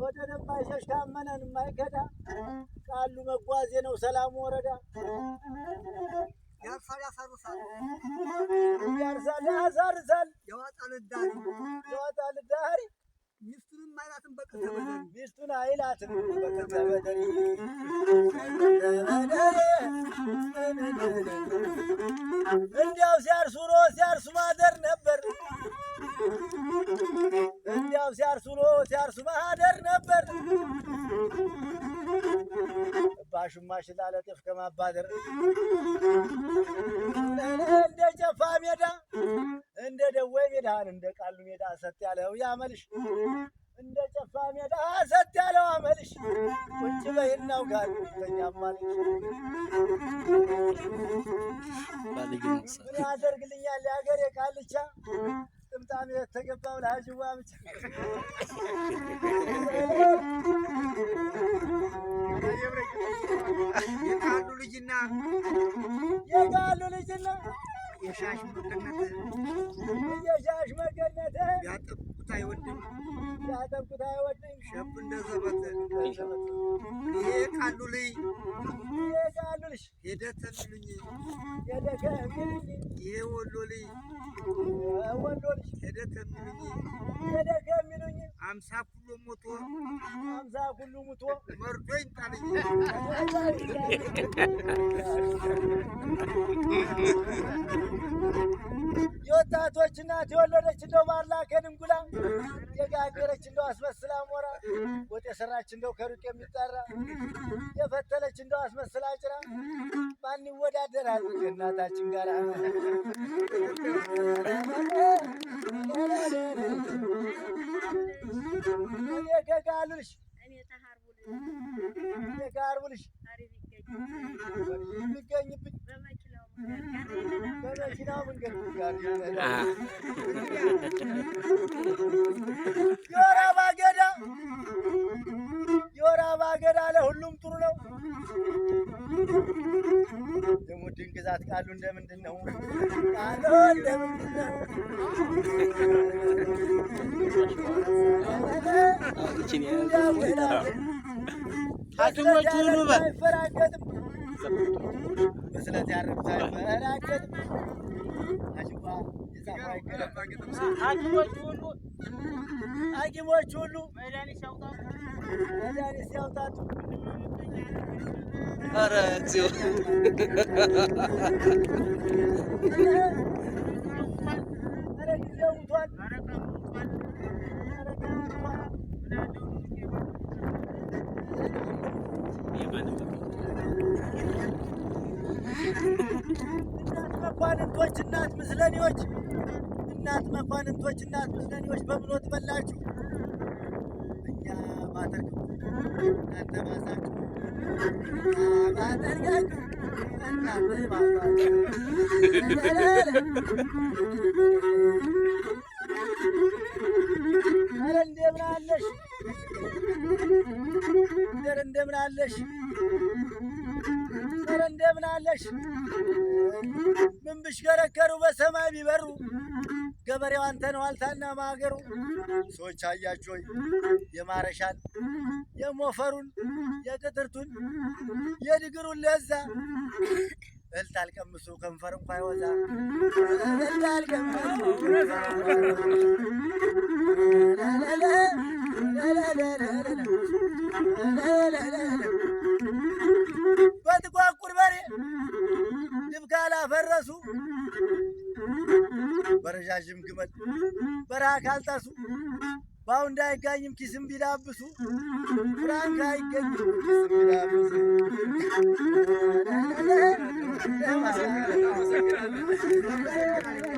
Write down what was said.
ወደን የማይሸሽ ታመነን የማይከዳ ቃሉ መጓዜ ነው ሰላሙ ወረዳ ያርሳል ያሳርሳል ያርሳል ያሳርሳል የዋጣ ልዳሪ የዋጣ ልዳሪ ሚስቱን አይላትም እንዲያው ሲያርሱ ኖሮ ሲያርሱ ማደር ነበር። እንዲያው ሲያርሱ ኖሮ ሲያርሱ ማደር ነበር። ባሹማሽ ላለጤፍ ከማባደር እንደ ጨፋ ሜዳ እንደ ደዌ ሜዳን እንደ ቃሉ ሜዳ ሰጥ ያለው ያመልሽ እንደ ጨፋ ሜዳ ሰት ያለው አመልሽ ቁጭ በይናው ጋር ተኛማልሽ ምን ያደርግልኛል የሀገር የቃልቻ ጥምጣም የተገባው ለአጅዋ ብቻ የቃሉ ልጅና የቃሉ ልጅና የሻሽ መገነተ የሻሽ መገነተ ሲያጠቁት አይወድም፣ ሲያጠቁት ሸብ እንደ ዘበት ይሄ ቃሉ ልይ ይሄ ቃሉ ልሽ ሄደ ተልሉኝ ይሄ ወሎ ልይ ሄደ ከሚልኝ አምሳ ኩሎ ሞቶ አምሳ ኩሎ ሞቶ ወርዶ ይጣል። የወጣቶች እናት የወለደች እንደው ባርላከን እንጉላ ሰርጋ አደረች እንደው አስመስላ ሞራ ወጥ የሰራች እንደው ከሩቅ የሚጠራ የፈተለች እንደው አስመስላ ጭራ ማን ይወዳደራል ከእናታችን ጋር? ገጋሉልሽ ገጋሉልሽ የሚገኝብኝ በመኪናው መንገድ ጋር የወራ ባገዳ ገዳ የወር ለሁሉም ጥሩ ነው። የሙድን ግዛት ቃሉ እንደምንድን ነው? ቃሉ እንደምንድን ነው? ሐኪሞች ይኑበት በስለት ያረብታ ሐኪሞች ሁሉ መድኃኒት ሲያውጣጡ ኧረ እግዚኦ ጊዜ መኳንንቶች እናት ምስለኔዎች፣ እናት መኳንንቶች እናት ምስለኔዎች በምን ትበላችሁ? እኛ ማተርግ እናንተ ማሳችሁ ማጠርጋችሁ እናንተ እንደምን አለሽ እንደምን አለሽ እንደምን አለሽ ምን ብሽከረከሩ በሰማይ ቢበሩ ገበሬው አንተ ነው አልታና ማገሩ። ሰዎች አያችሁ ሆይ የማረሻን የሞፈሩን የቅጥርቱን የድግሩን ለዛ እልት አልቀምሱ ከንፈር እንኳ ይወዛ እልት አልቀምሱ ረዣዥም ግመል በረሃ ካልጠሱ ባውንድ አይጋኝም ኪስም ቢዳብሱ ፍራንክ አይገኝም ኪስም ቢዳብሱ።